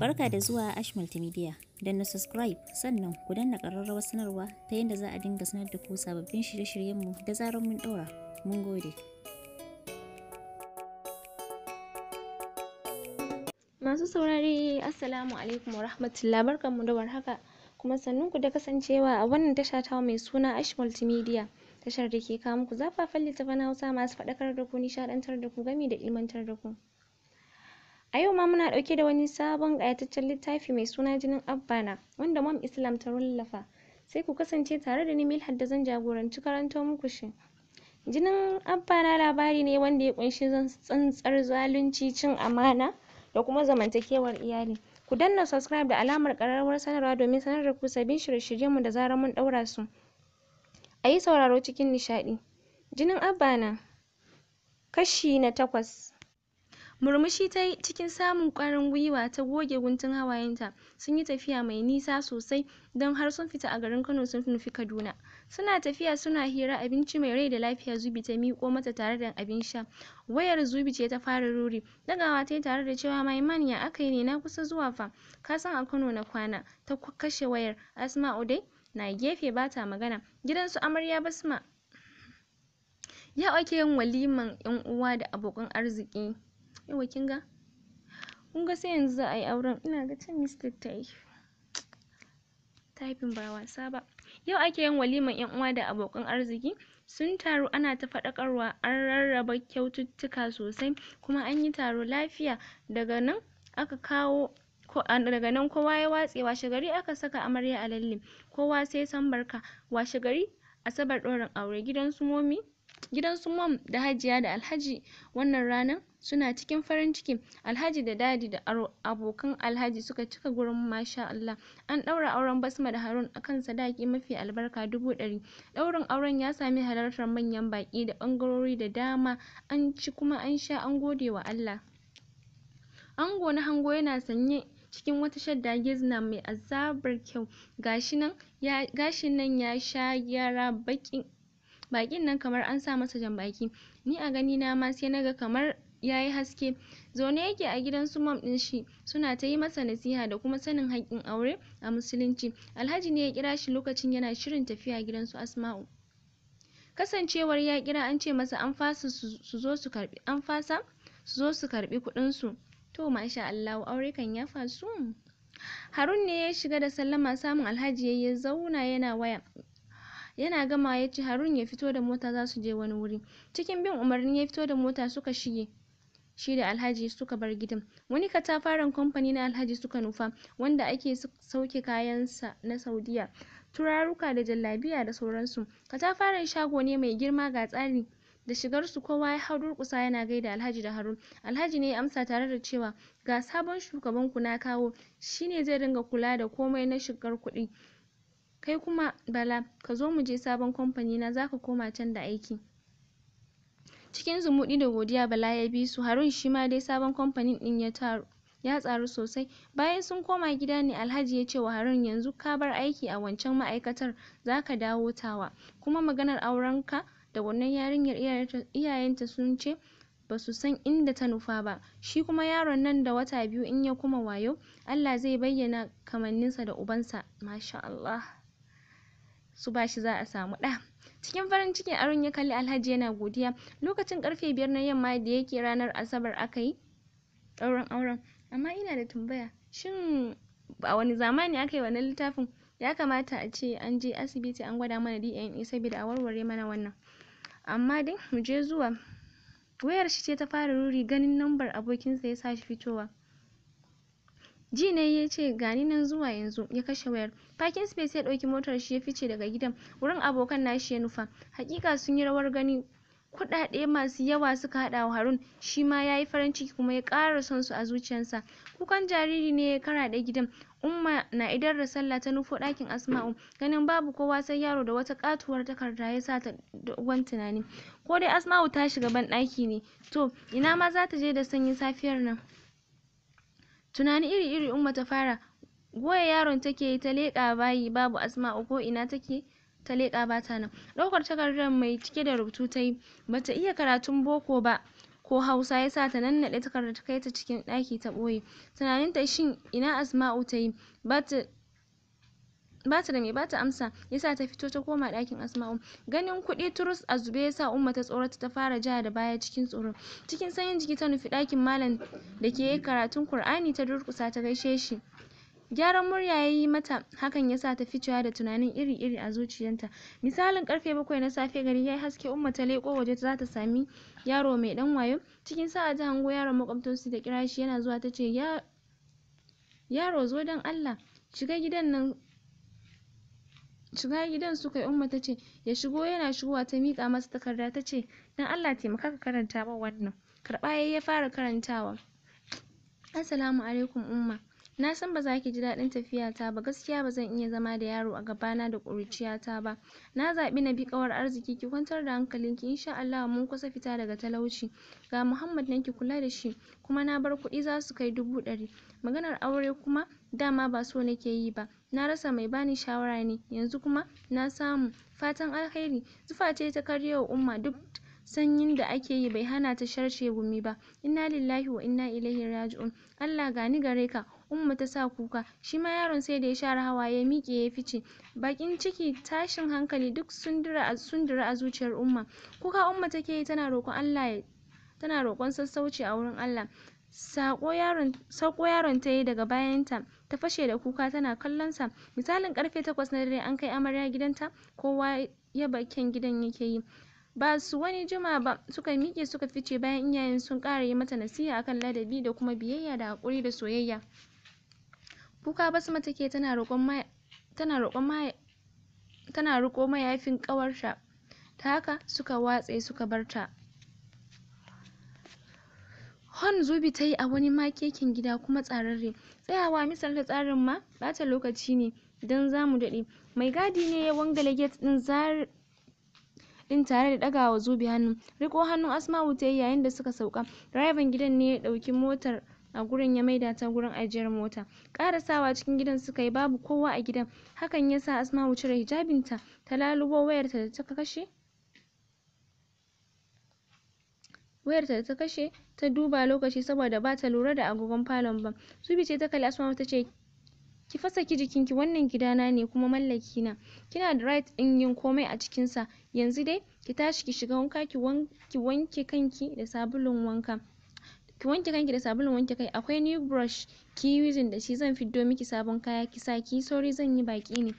Barka da zuwa Ash Multimedia. Don na subscribe sannan ku danna ƙararrawar sanarwa ta yadda za a dinga sanar da ku sababbin shirye-shiryenmu da zarar mun ɗora. Mun gode. Masu saurari Assalamu alaikum wa rahmatullah barkanmu da warhaka kuma ku da kasancewa a wannan tasha ta mai suna Ash Multimedia. tashar da ke kawo muku zafafan littafan Hausa masu faɗakar da ku nishaɗantar da ku gami da ilmantar da ku. A yau ma muna ɗauke da wani sabon ƙayataccen littafi mai suna Jinin Abbana wanda mam Islam ta wallafa. Sai ku kasance tare da ni Milhad da zan jagoranci karanto muku shi. Jinin Abbana labari ne wanda ya ƙunshi tsantsar zalunci, cin amana da kuma zamantakewar iyali. Ku danna subscribe da alamar ƙararrawar sanarwa domin sanar da ku sabbin shirye-shiryenmu da zarar mun ɗaura su. A yi sauraro cikin nishaɗi. Jinin Abbana kashi na takwas. Murmushi ta yi cikin samun ƙwarin gwiwa ta goge guntun hawayenta. Sun yi tafiya mai nisa sosai don har sun fita a garin Kano sun nufi Kaduna. Suna tafiya suna hira abinci mai rai da lafiya Zubi ta miƙo mata tare da abin sha. Wayar Zubi ce ta fara ruri. dagawa ta yi tare da cewa mai maniya aka yi ne na kusa zuwa fa. Ka san a Kano na kwana. Ta kashe wayar. Asma'u dai na gefe ba ta magana. Gidansu amarya Basma ya ake yin waliman 'yan uwa da abokan arziki. yauwa kin ga kun ga sai yanzu za a yi auren ina ga can mistake ta yi typing ba wasa ba yau ake yin walimar yan uwa da abokan arziki sun taru ana ta faɗakarwa an rarraba kyaututtuka sosai kuma an yi taro lafiya daga nan aka kawo daga nan kowa ya watse washe gari aka saka amarya a lalle kowa sai san barka washe gari asabar ɗaurin aure gidan su momi Gidan su Mom da Hajiya da Alhaji wannan ranar suna cikin farin ciki. Alhaji da Dadi da abokan Alhaji suka cika gurin Masha Allah. An daura auren Basma da Harun akan sadaki mafi albarka dubu dari daurin auren ya sami halartar manyan baki da bangarori da dama. An ci kuma an sha an gode wa Allah. Ango na hango yana sanye cikin wata shadda gizna mai azabar kyau. Gashin nan ya sha gyara baƙin bakin nan kamar an sa masa jan baki ni a gani na ma sai naga kamar yayi haske zaune yake a gidan su mom din shi suna ta yi masa nasiha da kuma sanin haƙƙin aure a musulunci alhaji ne ya kira shi lokacin yana shirin tafiya gidan su asma'u kasancewar ya kira an ce masa an fasa su zo su karbi an fasa su zo su karbi kuɗin su to masha Allah aure kan ya fasu Harun ne ya shiga da sallama samun alhaji ya zauna yana waya yana gamawa ya ce Harun ya fito da mota za su je wani wuri cikin bin umarni ya fito da mota suka shige shi da Alhaji suka bar gidan wani katafaren kamfani na Alhaji suka nufa wanda ake sauke kayansa na Saudiya turaruka da jallabiya da sauransu katafaren shago ne mai girma ga tsari da shigar su kowa ya hau durkusa yana gaida Alhaji da Harun. Alhaji ne ya amsa tare da cewa ga sabon shugaban ku na kawo shine zai dinga kula da komai na shigar kuɗi. Kai kuma Bala ka zo mu je sabon kamfani na za ka koma can da aiki. Cikin zumuɗi da godiya Bala ya bi su, Harun shi ma dai sabon kamfanin ɗin ya taru ya tsaru sosai. Bayan sun koma gida ne Alhaji ya ce wa Harun yanzu ka bar aiki a wancan ma'aikatar za ka dawo tawa, kuma maganar aurenka da wannan yarinyar iyayenta sun ce ba su san inda ta nufa ba, shi kuma yaron nan da wata biyu in ya kuma wayo, Allah zai bayyana kamanninsa da ubansa, masha Allah. su bashi za a samu ɗa cikin farin ciki arun ya kalli Alhaji yana godiya lokacin karfe biyar na yamma da yake ranar Asabar aka yi ɗaurin auren amma ina da tambaya shin a wani zamani aka yi wannan littafin ya kamata a ce an je asibiti an gwada mana DNA saboda a warware mana wannan amma dai mu je zuwa wayar shi ce ta fara ruri ganin lambar abokinsa ya sa shi fitowa ji ne ya ce gani nan zuwa yanzu ya kashe wayar parking space ya ɗauki motar shi ya fice daga gidan wurin abokan nashi ya nufa hakika sun yi rawar gani kuɗaɗe masu yawa suka haɗa wa Harun shi ma ya yi farin ciki kuma ya ƙara son su a zuciyarsa kukan jariri ne ya karaɗe gidan Umma na idan da sallah ta nufo ɗakin Asma'u ganin babu kowa sai yaro da wata katuwar takarda ya sa ta dogon tunani ko dai Asma'u ta shiga ban ɗaki ne to ina ma za ta je da sanyi safiyar nan Tunani iri-iri Umma ta fara, goya yaron take yi ta leƙa bayi babu Asma'u ko ina take ta leƙa ba ta nan. Ɗaukar takardar mai cike da rubutu ta yi, ba iya karatun boko ba ko Hausa ya sa ta nannaɗe takardar ta kai ta cikin ɗaki ta ɓoye. ta shin ina Asma'u ta yi, bata da mai bata amsa yasa ta fito ta koma ɗakin Asma'u ganin kuɗi turus a zube yasa Umma ta tsorata ta fara ja da baya cikin tsoro cikin sanyin jiki ta nufi ɗakin malam da ke karatun Kur'ani ta durkusa ta gaishe shi gyaran murya ya yi mata hakan ya sa ta ficewa da tunanin iri-iri a zuciyarta misalin karfe bakwai na safe gari yayi haske umma ta leko waje za ta sami yaro mai dan wayo cikin sa'a ta hango yaron makwabtansu da kirashi yana zuwa ta ce yaro zo don Allah shiga gidan nan shiga gidan suka yi umma tace ya shigo yana shigowa ta miƙa masa takarda ta ce don Allah taimaka ka karanta min wannan karɓa yayi ya fara karantawa assalamu alaikum umma na san ba za ki ji daɗin tafiyata ba gaskiya ba zan iya zama da yaro a gabana da ƙuruciyata ba na zaɓi na bi ƙawar arziki ki kwantar da hankalinki insha Allahu mun kusa fita daga talauci ga Muhammad nan ki kula da shi kuma na bar kuɗi za su kai dubu ɗari maganar aure kuma dama ba so nake yi ba na rasa mai bani shawara ne yanzu kuma na samu fatan alheri zufa ce ta karyo umma duk sanyin da ake yi bai hana ta sharce gumi ba inna lillahi wa inna ilaihi raji'un Allah gani gare ka Umma ta sa kuka. Shi ma yaron sai da ya share hawaye ya miƙe ya fice. Bakin ciki, tashin hankali duk sun a zuciyar Umma. Kuka Umma take yi tana roƙon Allah ya tana roƙon sassauci a wurin Allah. saƙo yaron ta yi daga bayanta ta fashe da kuka tana kallon sa misalin ƙarfe takwas na dare an kai amarya gidanta kowa ya bakin gidan yake yi ba su wani jima ba suka miƙe suka fice bayan iyayen sun ƙara yi mata nasiha akan ladabi da kuma biyayya da haƙuri da soyayya kuka basma take tana roƙon tana roƙon tana mayafin ƙawarta ta haka suka watse suka barta hon zubi ta yi a wani makekin gida kuma tsararre tsayawa da tsarin ma ɓata lokaci ne don zamu daɗe mai gadi ne ya wangale gate ɗin ɗin tare da ɗagawa zubi hannu riko hannun asma'u ta yayin da suka sauka direban gidan ne ya ɗauki motar a gurin ya maida ta gurin ajiyar mota karasawa cikin gidan suka yi babu kowa a gidan hakan ya sa wuce cire hijabinta ta lalubo wayarta da ta kashe ta duba lokaci saboda ba ta lura da agogon falon ba zubi ce ta kalli asma asma'u ce ki fasa fasaki jikinki wannan gidana ne kuma mallaki na kina da right din yin komai a cikin sa yanzu dai ki tashi ki shiga wanka ki wanke kanki da sabulun wanka ki wanke kanki da sabulun wanke kai akwai new brush ki using da shi zan fiddo miki sabon kaya ki sa ki sauri zan yi baki ne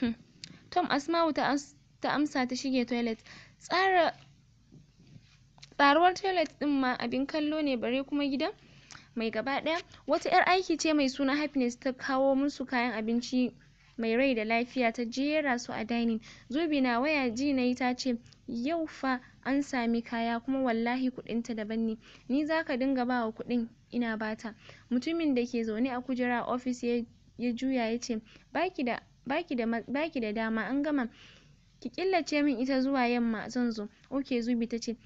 hmm. tom asma'u ta, as ta amsa ta shige toilet tsara tsaruwar toilet din ma abin kallo ne bare kuma gidan mai gaba daya wata yar aiki ce mai suna happiness ta kawo musu kayan abinci mai rai da lafiya ta jera su a dining zubi na waya ji nayi ta ce yau fa an sami kaya kuma wallahi ta daban ne ni za ka dinga ba wa kuɗin ina ba ta mutumin da ke zaune a kujera a ofis ya juya yace baki da baki da dama an gama ki killace min ita zuwa yamma zan zo oke Zubi ce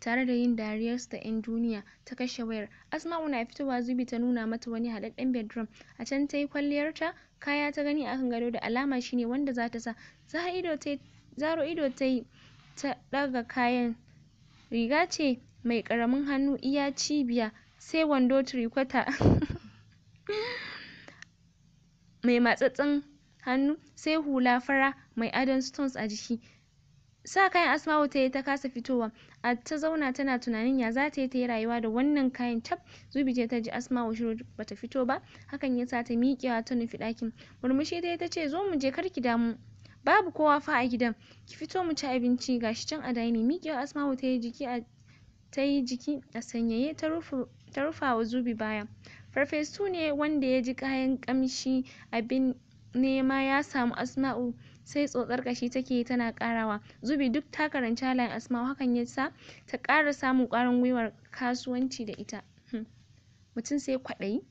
tare da yin dariyarsu ta 'yan duniya ta kashe wayar asma'u na fitowa zubi ta nuna mata wani haɗaɗɗen bedroom a can ta yi kwalliyarta kaya ta gani a kan gado da alama shine wanda za ta sa zaro ido ta yi ta ɗaga kayan riga ce mai ƙaramin hannu iya cibiya sai wando tirikwata mai matsatsin hannu sai hula fara mai adon stones a jiki sa kayan Asma'u ta yi ta kasa fitowa a ta zauna tana tunanin ya za ta yi ta yi rayuwa da wannan kayan tab zubi ta ji Asma'u shiru bata fito ba hakan ya sa ta miƙewa ta nufi ɗakin murmushi ta yi ta ce zo mu je kar ki damu babu kowa fa a gidan ki fito mu ci abinci gashi can a dining miƙewa Asma'u tayi jiki a tayi jiki a sanyaye ta rufe ta rufawa Zubi baya farfesu ne wanda ya ji kayan ƙamshi abin nema ya samu Asma'u sai tsotsar kashi take yi tana karawa Zubi duk ta karanci halayen Asma'u hakan ya sa ta ƙara samun ƙwarin gwiwar kasuwanci da ita hmm. mutum sai kwaɗayi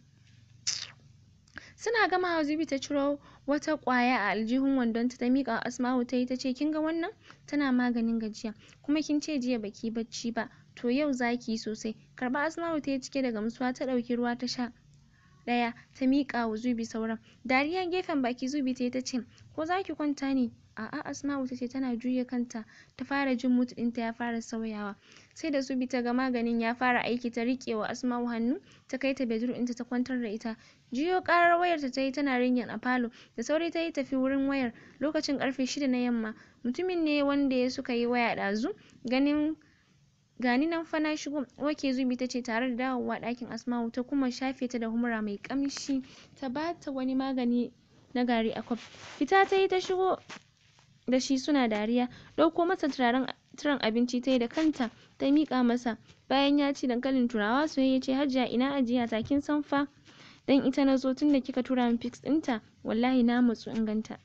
suna gamawa Zubi ta ciro wata ƙwaya a aljihun wandonta ta miƙa wa Asma'u ta ta yi ce kin ga wannan tana maganin gajiya kuma kin ce jiya bakiyi bacci ba to yau za ki yi sosai" karɓa Asma'u ta yi cike da gamsuwa ta ɗauki ruwa ta sha ɗaya ta miƙa wa Zubi sauran dariya gefen baki Zubi ta yi ta ce "ko za ki kwanta ne A'a Asma'u ta ce tana juya kanta ta fara jin mood ɗinta ya fara sauyawa. Sai da Zubi ta ga maganin ya fara aiki ta riƙe wa Asma'u hannu ta kai ta bedroom ɗinta ta kwantar da ita. Jiyo ƙarar wayarta ta yi tana ringin a falo, da sauri ta yi tafi wurin wayar, lokacin ƙarfe shida na yamma. Mutumin ne wanda ya suka yi waya ɗazu, ganin gani nan fa na shigo, oke Zubi ta ce tare da dawowa ɗakin Asma'u ta kuma shafe ta da humra mai ƙamshi ta ba ta wani magani na gari a kwaf. Fita ta yi ta shigo da shi suna dariya ɗauko masa turaren turan abinci tayi da kanta ta miƙa masa bayan ya ci dankalin turawa ya ce hajiya ina ajiyata kin san fa dan ita na zo tun da kika tura min fix ɗinta wallahi na matsu in ganta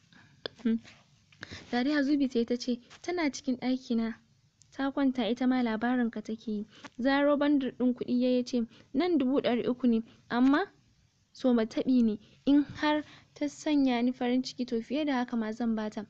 hmm. dariya zubi ta ce tana cikin ɗaki na ta kwanta ita ma labarin ka take yi zaro bandar ɗin kuɗi yi ce nan dubu ɗari uku ne amma so taɓi ne in har ta sanya ni farin ciki to fiye da haka ma zan bata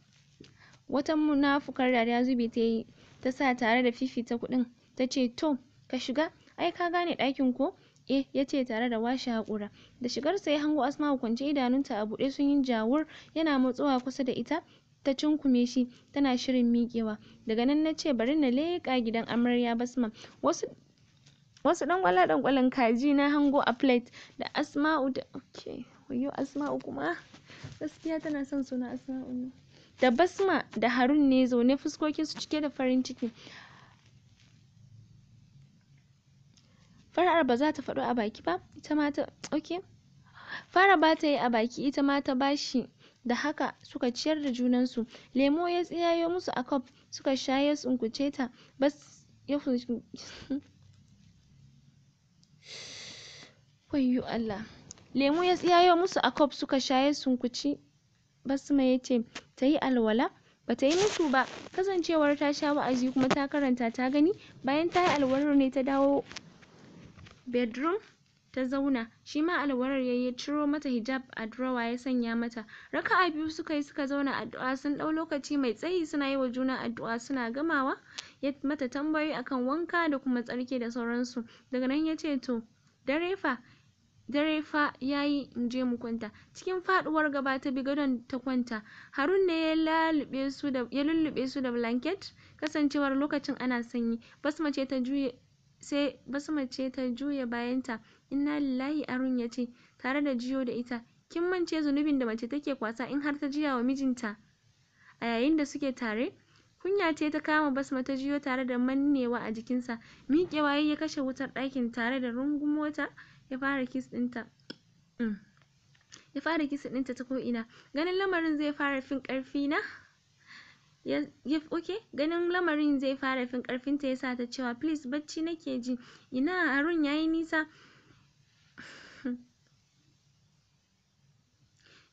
Wata munafukar dariya zubi ta yi ta sa tare da fifita kuɗin ta ce, To, ka shiga, ai ka gane ɗakin ko? Eh, ya ce tare da washe hakura Da shigar sa ya hango Asma'u kwance idanunta a buɗe sun yi jawur yana matsowa kusa da ita ta cinkume shi tana shirin miƙewa. Daga nan na ce bari na leƙa gidan amarya Basma. Wasu wasu dan kwalan kaji na hango a plate da Asma'u da okay, wayo Asma'u kuma gaskiya tana son suna Asma'u ne. da basma da harun ne zaune fuskokinsu cike da farin ciki fara'ar ba za ta faɗo a baki ba ita ma ta ok fara ba ta yi a baki ita ma ta bashi da haka suka ciyar da junansu lemo ya tsiyayo musu a kwaf suka sha ya tsunkuce ta bas ya wayyo Allah lemo ya tsiyayo musu a kwaf suka sha ya sunkuci Basma ya ce ta yi alwala ba ta yi musu ba kasancewar ta sha wa'azi kuma ta karanta ta gani bayan ta yi alwalar ne ta dawo bedroom ta zauna shi ma alwalar ya yi ciro mata hijab a drawer ya sanya mata raka'a biyu suka yi suka zauna addu'a sun ɗau lokaci mai tsayi suna yi wa juna addu'a suna gamawa ya mata tambayoyi akan wanka da kuma tsarki da sauransu daga nan ya ce to dare fa Dare fa ya yi, mu je mu kwanta. Cikin faduwar gaba ta bi gadon ta kwanta. Harun ne ya lulluɓe su da blanket, kasancewar lokacin ana sanyi. Basma ce ta juya bayanta. Inna lillahi Harun ya ce, tare da jiyo da ita. Kin mance zunubin da mace take kwasa in har ta jiya wa mijinta a yayin da suke tare? Kunya ce ta kama Basma ta jiyo tare da mannewa a jikinsa. Miƙewa ya ya kashe wutar ɗakin tare da rungumo ta. ya fara kiss ɗinta mm. ya fara kiss ta ko'ina ganin lamarin zai fara fin ƙarfi na ya okay ganin lamarin zai fara fin ƙarfinta ta yasa ta cewa please bacci nake ji ina harun yayi nisa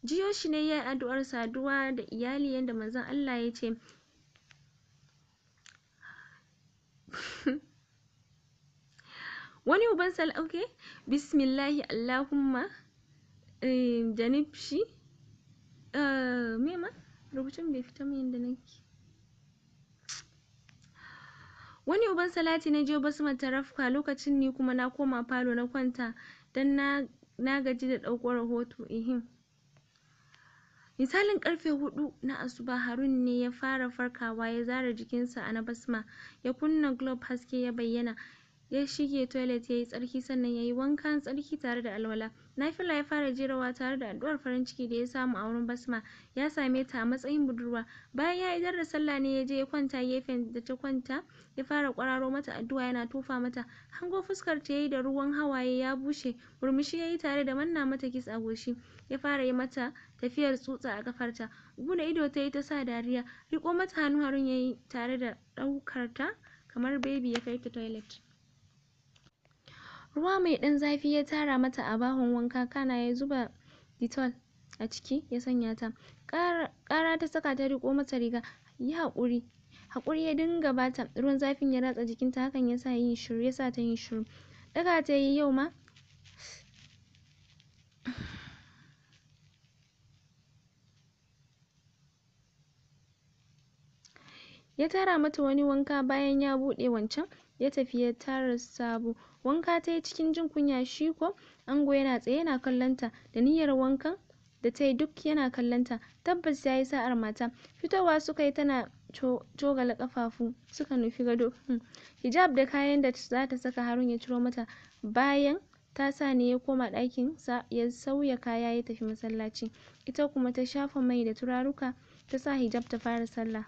jiyo shi ne ya addu'ar saduwa da iyali yadda manzon Allah ya ce wani uban sallah ok bismillahi allahumma janibshi ah, mema rubutun bai fita mai yadda nake wani uban salati na je basma ta lokacin ni kuma na koma falo na kwanta don na gaji da ɗauko rahoto ihim misalin karfe hudu na asuba harun ne ya fara farkawa ya zara jikinsa a na basma ya kunna glob haske ya bayyana ya shige toilet yayi tsarki sannan yayi wankan tsarki tare da alwala Nafila ya fara jerawa tare da addu'ar farin ciki da ya samu a wurin Basma ya same ta a matsayin budurwa bayan ya idar da sallah ne yaje ya kwanta gefen da ta kwanta ya fara kwararo mata addu'a yana tofa mata hango fuskar ta yayi da ruwan hawaye ya bushe murmushi yayi tare da manna mata kiss a goshi ya fara yi mata tafiyar tsutsa a kafarta ta bude ido tayi ta sa dariya riko mata hannu Harun yayi tare da daukar ta kamar baby ya kai ta toilet ruwa mai ɗan zafi ya tara mata a bahon wanka kana ya zuba dettol a ciki ya sanya ta ƙara ta saka ta riƙo mata riga yi haƙuri haƙuri ya dinga bata ruwan zafin ya ratsa jikinta hakan yasa yin shiru yasa ta yin shiru ɗaga ta yi yau ma ya tara mata wani wanka bayan ya buɗe wancan ya tafi ya tara sabo wanka ta yi cikin jin kunya shi ko ango yana tsaye yana kallon ta da niyyar wankan da ta yi duk yana kallon ta tabbas ya yi sa'ar mata fitowa suka yi tana cogala kafafu suka nufi gado hmm. hijab da kayan da zata saka harun ya ciro mata bayan ta sa ne ya koma ɗakin sa ya sauya kaya ya tafi masallaci ita kuma ta shafa mai da turaruka ta sa hijab ta fara sallah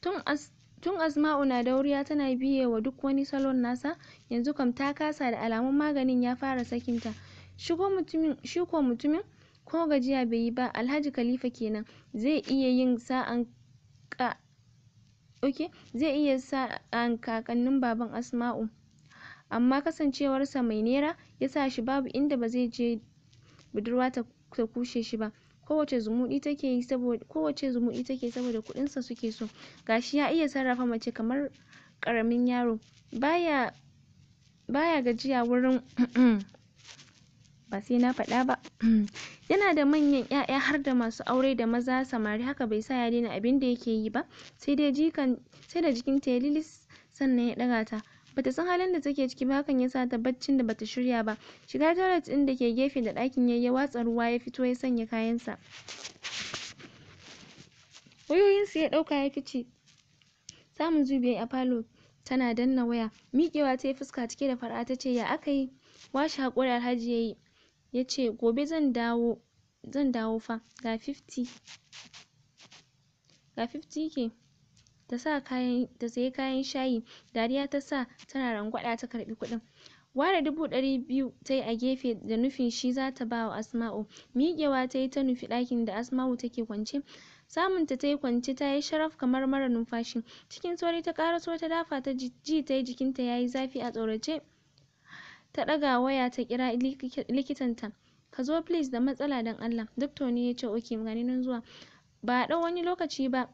tun as Tun Asma'u na da dauriya tana biye wa duk wani salon nasa, yanzu kam ta kasa da alamun maganin ya fara sakinta. Shi ko mutumin, ko gajiya bai yi ba, Alhaji Khalifa kenan, zai iya yin sa'an kakannin baban Asma'u. Amma kasancewarsa mai nera, ya sa shi babu inda ba zai je budurwa ta kushe shi ba. kowace zumuɗi take yi saboda kowace zumuɗi take saboda kuɗin sa suke so gashi ya iya sarrafa mace kamar ƙaramin yaro baya baya gajiya wurin ba sai na faɗa ba yana da manyan ƴaƴa har da masu aure da maza samari haka bai sa ya daina abinda yake yi ba sai dai jikan sai da jikinta ya lilis sannan ya ɗaga ta bata san halin da take ciki ba hakan yasa ta barcin da bata shirya ba shiga toilet ɗin da ke gefe da ɗakin yayi ya watsa ruwa ya fito ya sanya kayansa wayoyinsu ya ɗauka ya fice samun zubi a falo tana danna waya miƙewa ta tayi fuska cike da fara'a tace ya yi washe haƙori Alhaji yayi yace gobe zan dawo zan dawo fa ga fifty ga fifty k ta sa kayan ta sayi kayan shayi dariya ta sa tana rangwaɗa ta karɓi kuɗin ware dubu ɗari biyu tayi a gefe da nufin shi zata bawa Asma'u miƙewa tayi ta nufi ɗakin da Asma'u take kwance samun ta tayi kwance tayi sharaf kamar mara numfashi cikin sauri ta ƙaraso ta dafa ta ji tayi jikinta yayi zafi a tsorace ta ɗaga waya ta kira likitanta ka zo please da matsala don Allah doctor ne yace okay gani nan zuwa ba a ɗau wani lokaci ba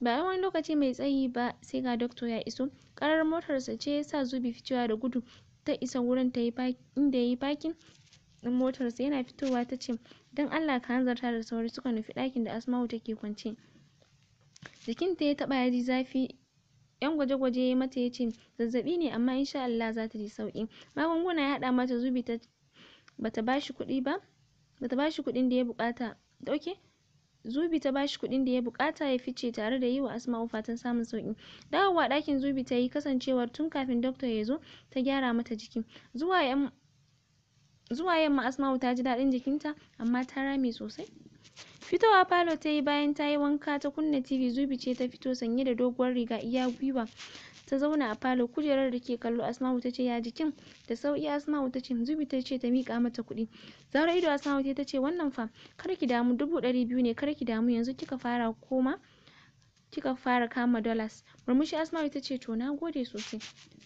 Ba wani lokaci mai tsayi ba sai ga Doctor ya iso. karar motarsa ce ya sa zubi ficewa da gudu ta isa wurin inda ya yi fakin ɗin motarsa. Yana fitowa ta ce, "Don Allah ka hanzarta da sauri." Suka nufi ɗakin da Asma'u take kwance. Jikinta ya taɓa ya ji zafi. 'Yan gwaje-gwaje ya mata ya ce, "Zazzaɓi ne amma insha Allah za ta ji sauƙi." Magunguna ya haɗa mata bata bashi ta ba bashi kuɗin da ya bukata buƙata. Zubi ta bashi kuɗin da ya buƙata ya fice tare da yi wa Asma'u fatan samun sauki. Dawowa ɗakin Zubi ta yi kasancewar tun kafin dokta ya zo ta gyara mata jiki. Zuwa yamma Asma'u ta ji daɗin jikinta amma ta rame sosai. Fitowa falo ta yi bayan ta yi wanka ta kunna TV. Zubi ce ta fito sanye da doguwar riga iya gwiwa ta zauna a falo. Kujerar da ke kallo Asma'u ta ce, “Ya jikin?” Da sauƙi Asma'u ta Zubi ta ta miƙa mata kuɗi. Zaro ido Asma'u ta ce, “Wannan fa, kar ki damu, dubu ɗari biyu ne, kar ki damu, yanzu kika fara koma kika fara kama dollars.” Murmushi Asma'u ta ce, “To, na gode sosai.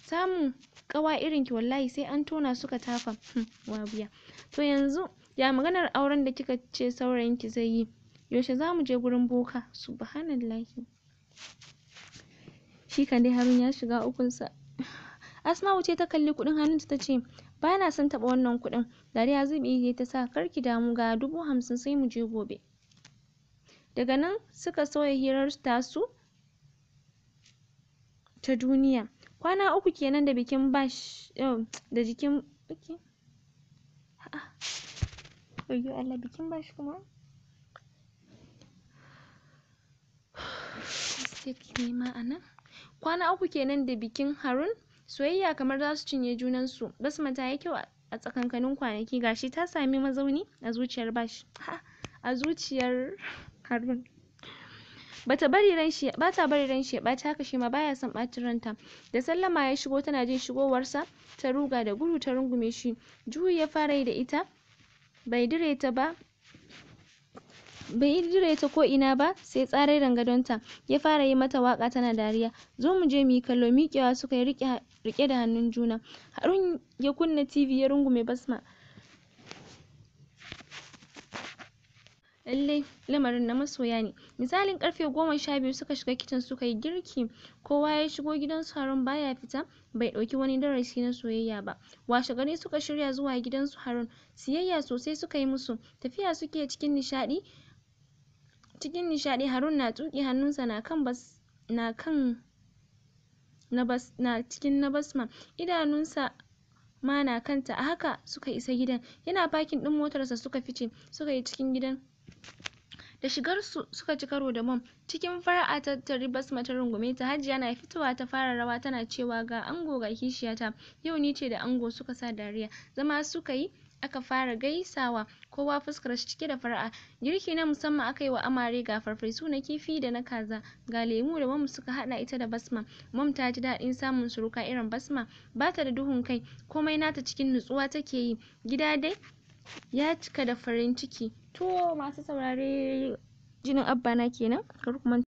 Samun ƙawa ki wallahi sai an tona suka tafa, hmm, wa biya To yanzu. ya maganar auren da kika ce saurayinki zai yi yaushe za mu je gurin boka subhanallahi shi kan dai Harun ya shiga ukunsa Asma'u ce ta kalli kuɗin hannunta ta ce ba na son taba wannan kuɗin dariya zubi ta sa kar ki damu ga dubu hamsin sai mu je gobe daga nan suka sauya hirar tasu ta duniya kwana uku kenan da bikin bash eh, da jikin Ayyo Allah bikin bashi kuma. Mistake ne ma Kwana uku kenan da bikin Harun. Soyayya kamar za su cinye junansu. Basma ta yi kyau a tsakankanin kwanaki gashi ta sami mazauni a zuciyar Bash. Ha! A zuciyar Harun. bata bari ran shi bata bari ran shi ya haka shi ma baya son ɓacin ranta da sallama ya shigo tana jin shigowarsa ta ruga da gudu ta rungume shi juyi ya fara yi da ita bai dire ta ba bai dire ta ko ina ba sai tsarairan gadonta ya fara yi mata waka tana dariya zo mu je mu yi kallo miƙewa suka yi riƙe da hannun juna Harun ya kunna TV ya rungume Basma lallai lamarin na masoya ne misalin karfe goma sha biyu suka shiga kicin suka yi girki kowa ya shigo gidan su Harun baya fita bai ɗauki wani darasi na soyayya ba washe gari suka shirya zuwa gidan su Harun siyayya sosai suka yi musu tafiya suke cikin nishadi cikin nishadi Harun na tuki hannunsa na kan bas na kan na bas na cikin na basma idanunsa ma na kanta a haka suka isa gidan yana fakin ɗin motarsa suka fice suka yi cikin gidan da shigar su suka ci karo da mom cikin fara'a ta tari basma ta rungume ta hajiya na fitowa ta fara rawa tana cewa ga ango ga kishiyata yau ni ce da ango suka sa dariya zama suka yi aka fara gaisawa kowa fuskar shi cike da fara'a girki na musamman aka yi wa amare ga farfesu na kifi da na kaza ga lemu da mom suka hada ita da basma mom ta ji daɗin samun suruka irin basma ba ta da duhun kai komai nata cikin nutsuwa take yi gida dai ya cika da farin ciki to masu saurare jinin abba na kenan kar ku manta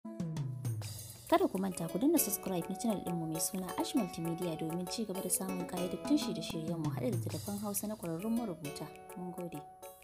kada ku manta ku danna subscribe na channel ɗinmu mai suna ash multimedia domin ci gaba da samun kayyadattun shi da shiryenmu haɗa da telefon hausa na ƙwararrun marubuta mun gode